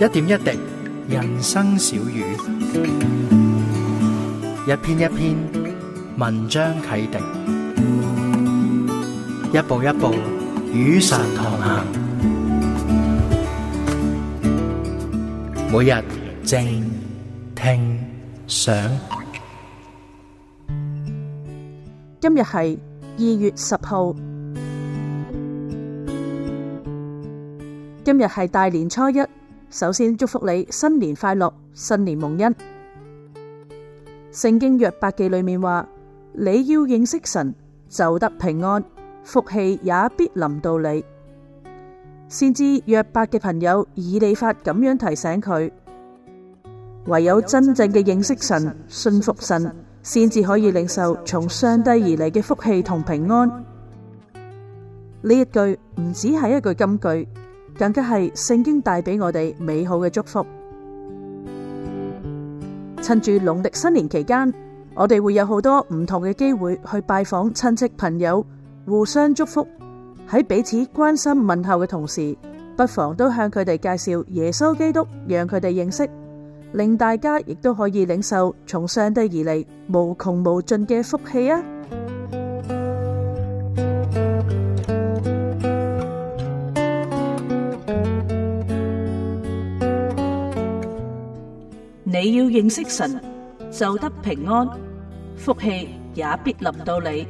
一點一滴人生小語，一篇一篇文章啟迪，一步一步雨傘同行，每日靜聽想。今日係二月十號，今日係大年初一。首先祝福你新年快樂，新年蒙恩。聖經約伯記裏面話，你要認識神就得平安，福氣也必臨到你。先知約伯嘅朋友以利法咁樣提醒佢，唯有真正嘅認識神、信服神，先至可以領受從上帝而嚟嘅福氣同平安。呢一句唔止係一句金句。更加係聖經帶俾我哋美好嘅祝福。趁住農曆新年期間，我哋會有好多唔同嘅機會去拜訪親戚朋友，互相祝福。喺彼此關心問候嘅同時，不妨都向佢哋介紹耶穌基督，讓佢哋認識，令大家亦都可以領受從上帝而嚟無窮無盡嘅福氣啊！你要認識神，就得平安，福氣也必臨到你。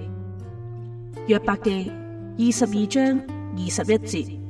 約伯記二十二章二十一節。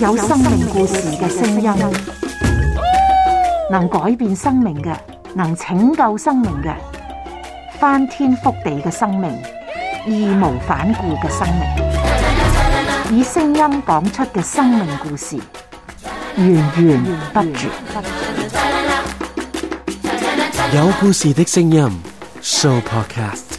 有生命故事嘅聲音，能改變生命嘅，能拯救生命嘅，翻天覆地嘅生命，義無反顧嘅生命，以聲音講出嘅生命故事，源源不絕。有故事嘅聲音，Sooo Podcast。